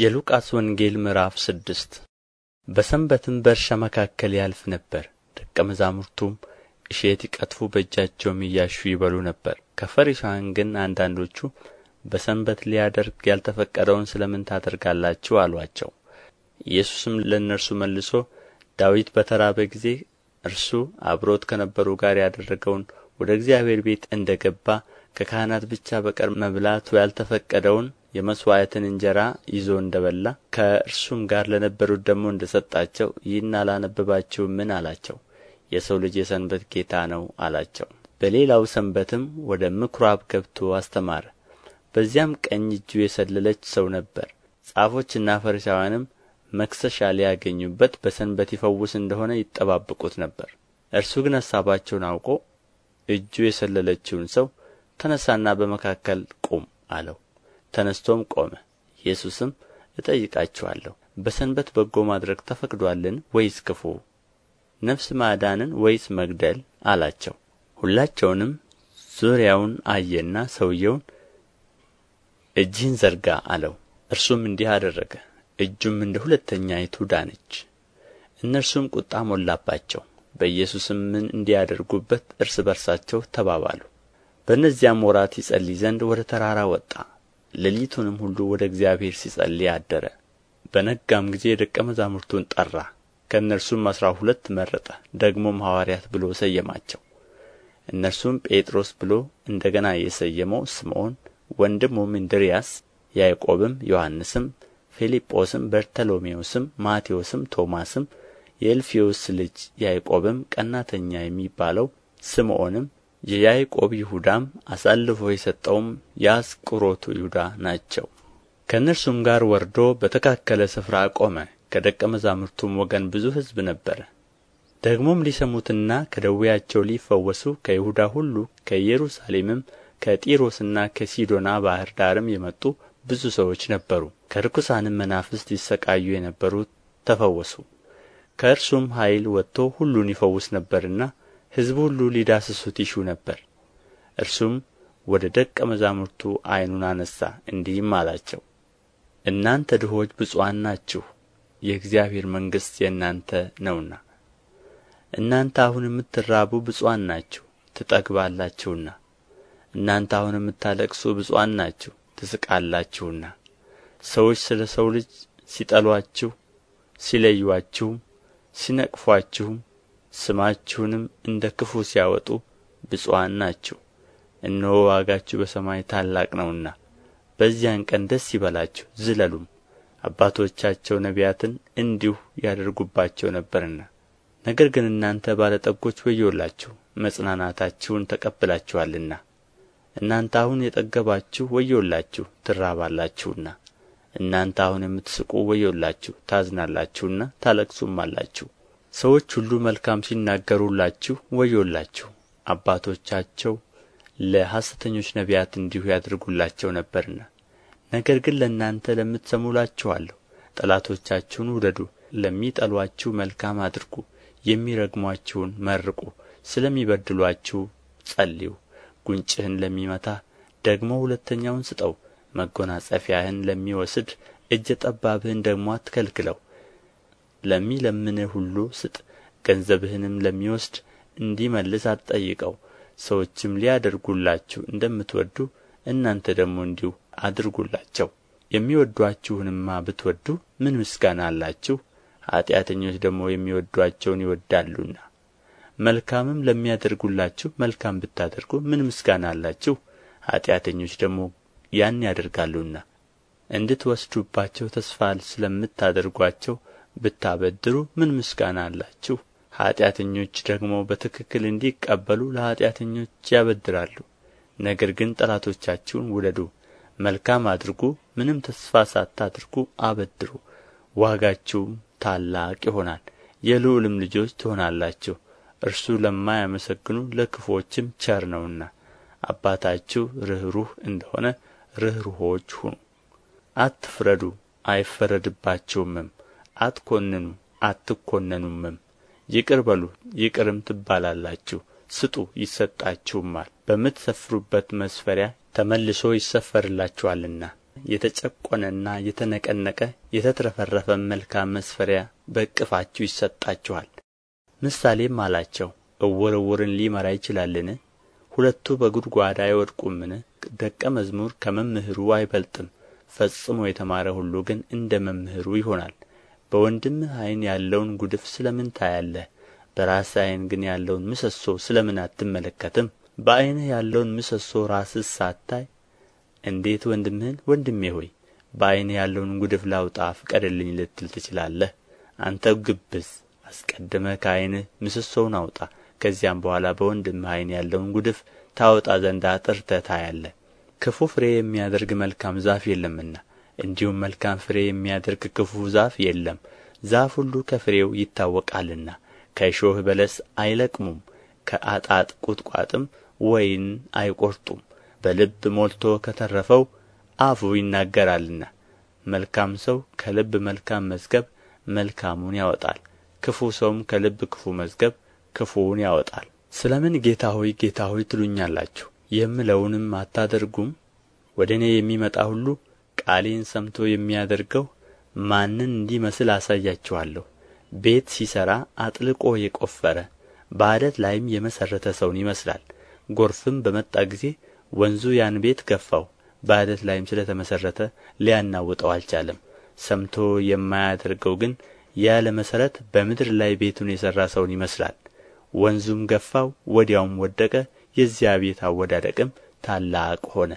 የሉቃስ ወንጌል ምዕራፍ ስድስት በሰንበትም በእርሻ መካከል ያልፍ ነበር። ደቀ መዛሙርቱም እሸት ይቀጥፉ በእጃቸውም እያሹ ይበሉ ነበር። ከፈሪሳውያን ግን አንዳንዶቹ በሰንበት ሊያደርግ ያልተፈቀደውን ስለ ምን ታደርጋላችሁ? አሏቸው። ኢየሱስም ለእነርሱ መልሶ ዳዊት በተራበ ጊዜ እርሱ አብሮት ከነበሩ ጋር ያደረገውን ወደ እግዚአብሔር ቤት እንደ ገባ ከካህናት ብቻ በቀር መብላቱ ያልተፈቀደውን የመሥዋዕትን እንጀራ ይዞ እንደ በላ ከእርሱም ጋር ለነበሩት ደግሞ እንደ ሰጣቸው ይህን ምን አላቸው የሰው ልጅ የሰንበት ጌታ ነው አላቸው በሌላው ሰንበትም ወደ ምኵራብ ገብቶ አስተማረ በዚያም ቀኝ እጁ የሰለለች ሰው ነበር ጻፎችና ፈሪሳውያንም መክሰሻ ሊያገኙበት በሰንበት ይፈውስ እንደሆነ ይጠባበቁት ነበር እርሱ ግን ሐሳባቸውን አውቆ እጁ የሰለለችውን ሰው ተነሣና በመካከል ቁም አለው ተነስቶም ቆመ ኢየሱስም እጠይቃችኋለሁ በሰንበት በጎ ማድረግ ተፈቅዷልን ወይስ ክፉ ነፍስ ማዳንን ወይስ መግደል አላቸው ሁላቸውንም ዙሪያውን አየና ሰውየውን እጅህን ዘርጋ አለው እርሱም እንዲህ አደረገ እጁም እንደ ሁለተኛይቱ ዳነች እነርሱም ቁጣ ሞላባቸው በኢየሱስም ምን እንዲያደርጉበት እርስ በርሳቸው ተባባሉ በእነዚያም ወራት ይጸልይ ዘንድ ወደ ተራራ ወጣ ሌሊቱንም ሁሉ ወደ እግዚአብሔር ሲጸልይ አደረ በነጋም ጊዜ ደቀ መዛሙርቱን ጠራ ከእነርሱም አሥራ ሁለት መረጠ ደግሞም ሐዋርያት ብሎ ሰየማቸው እነርሱም ጴጥሮስ ብሎ እንደ ገና የሰየመው ስምዖን ወንድሙም እንድርያስ ያዕቆብም ዮሐንስም ፊልጶስም በርተሎሜዎስም ማቴዎስም ቶማስም የእልፍዮስ ልጅ ያዕቆብም ቀናተኛ የሚባለው ስምዖንም የያዕቆብ ይሁዳም አሳልፎ የሰጠውም የአስቆሮቱ ይሁዳ ናቸው ከእነርሱም ጋር ወርዶ በተካከለ ስፍራ ቆመ ከደቀ መዛሙርቱም ወገን ብዙ ሕዝብ ነበረ ደግሞም ሊሰሙትና ከደዌያቸው ሊፈወሱ ከይሁዳ ሁሉ ከኢየሩሳሌምም ከጢሮስና ከሲዶና ባሕር ዳርም የመጡ ብዙ ሰዎች ነበሩ ከርኩሳንም መናፍስት ሊሰቃዩ የነበሩ ተፈወሱ ከእርሱም ኃይል ወጥቶ ሁሉን ይፈውስ ነበርና ሕዝቡ ሁሉ ሊዳስሱት ይሹ ነበር እርሱም ወደ ደቀ መዛሙርቱ ዐይኑን አነሣ እንዲህም አላቸው እናንተ ድሆች ብፁዓን ናችሁ የእግዚአብሔር መንግሥት የእናንተ ነውና እናንተ አሁን የምትራቡ ብፁዓን ናችሁ ትጠግባላችሁና እናንተ አሁን የምታለቅሱ ብፁዓን ናችሁ ትስቃላችሁና ሰዎች ስለ ሰው ልጅ ሲጠሏችሁ፣ ሲለዩአችሁም ሲነቅፏችሁም ስማችሁንም እንደ ክፉ ሲያወጡ ብፁዓን ናችሁ እነሆ ዋጋችሁ በሰማይ ታላቅ ነውና በዚያን ቀን ደስ ይበላችሁ ዝለሉም አባቶቻቸው ነቢያትን እንዲሁ ያደርጉባቸው ነበርና ነገር ግን እናንተ ባለ ጠጎች ወዮላችሁ መጽናናታችሁን ተቀብላችኋልና እናንተ አሁን የጠገባችሁ ወዮላችሁ ትራባላችሁና እናንተ አሁን የምትስቁ ወዮላችሁ ታዝናላችሁና ታለቅሱም አላችሁ ሰዎች ሁሉ መልካም ሲናገሩላችሁ ወዮላችሁ አባቶቻቸው ለሐሰተኞች ነቢያት እንዲሁ ያድርጉላቸው ነበርና ነገር ግን ለእናንተ ለምትሰሙ እላችኋለሁ ጠላቶቻችሁን ውደዱ ለሚጠሏችሁ መልካም አድርጉ የሚረግሟችሁን መርቁ ስለሚበድሏችሁ ጸልዩ ጉንጭህን ለሚመታ ደግሞ ሁለተኛውን ስጠው መጎናጸፊያህን ለሚወስድ እጀ ጠባብህን ደግሞ አትከልክለው ለሚለምንህ ሁሉ ስጥ ገንዘብህንም ለሚወስድ እንዲመልስ አትጠይቀው ሰዎችም ሊያደርጉላችሁ እንደምትወዱ እናንተ ደግሞ እንዲሁ አድርጉላቸው የሚወዷችሁንማ ብትወዱ ምን ምስጋና አላችሁ ኃጢአተኞች ደግሞ የሚወዷቸውን ይወዳሉና መልካምም ለሚያደርጉላችሁ መልካም ብታደርጉ ምን ምስጋና አላችሁ ኃጢአተኞች ደግሞ ያን ያደርጋሉና እንድትወስዱባቸው ተስፋ ስለምታደርጓቸው ብታበድሩ ምን ምስጋና አላችሁ ኃጢአተኞች ደግሞ በትክክል እንዲቀበሉ ለኃጢአተኞች ያበድራሉ ነገር ግን ጠላቶቻችሁን ውደዱ መልካም አድርጉ ምንም ተስፋ ሳታድርጉ አበድሩ ዋጋችሁም ታላቅ ይሆናል የልዑልም ልጆች ትሆናላችሁ እርሱ ለማያመሰግኑ ለክፉዎችም ቸር ነውና አባታችሁ ርኅሩህ እንደሆነ ርኅሩሆች ሁኑ አትፍረዱ አይፈረድባችሁምም አትኰንኑ አትኰነኑምም ይቅር በሉ ይቅርም ትባላላችሁ ስጡ ይሰጣችሁማል በምትሰፍሩበት መስፈሪያ ተመልሶ ይሰፈርላችኋልና የተጨቈነና የተነቀነቀ የተትረፈረፈም መልካም መስፈሪያ በእቅፋችሁ ይሰጣችኋል ምሳሌም አላቸው እውር እውርን ሊመራ ይችላልን ሁለቱ በጉድጓድ አይወድቁምን ደቀ መዝሙር ከመምህሩ አይበልጥም ፈጽሞ የተማረ ሁሉ ግን እንደ መምህሩ ይሆናል በወንድምህ ዓይን ያለውን ጉድፍ ስለ ምን ታያለህ በራስህ ዓይን ግን ያለውን ምሰሶ ስለ ምን አትመለከትም በዓይንህ ያለውን ምሰሶ ራስህ ሳታይ እንዴት ወንድምህን ወንድሜ ሆይ በዓይንህ ያለውን ጉድፍ ላውጣ ፍቀድልኝ ልትል ትችላለህ አንተ ግብዝ አስቀድመህ ከዓይንህ ምሰሶውን አውጣ ከዚያም በኋላ በወንድምህ ዓይን ያለውን ጉድፍ ታወጣ ዘንድ አጥርተህ ታያለህ ክፉ ፍሬ የሚያደርግ መልካም ዛፍ የለምና እንዲሁም መልካም ፍሬ የሚያደርግ ክፉ ዛፍ የለም ዛፍ ሁሉ ከፍሬው ይታወቃልና ከእሾህ በለስ አይለቅሙም ከአጣጥ ቁጥቋጥም ወይን አይቆርጡም በልብ ሞልቶ ከተረፈው አፉ ይናገራልና መልካም ሰው ከልብ መልካም መዝገብ መልካሙን ያወጣል፣ ክፉ ሰውም ከልብ ክፉ መዝገብ ክፉውን ያወጣል። ስለ ምን ጌታ ሆይ ጌታ ሆይ ትሉኛላችሁ የምለውንም አታደርጉም? ወደ እኔ የሚመጣ ሁሉ ቃሌን ሰምቶ የሚያደርገው ማንን እንዲመስል አሳያችኋለሁ ቤት ሲሠራ አጥልቆ የቆፈረ በአለት ላይም የመሠረተ ሰውን ይመስላል ጎርፍም በመጣ ጊዜ ወንዙ ያን ቤት ገፋው በአለት ላይም ስለ ተመሠረተ ሊያናውጠው አልቻለም ሰምቶ የማያደርገው ግን ያለ መሠረት በምድር ላይ ቤቱን የሠራ ሰውን ይመስላል ወንዙም ገፋው ወዲያውም ወደቀ የዚያ ቤት አወዳደቅም ታላቅ ሆነ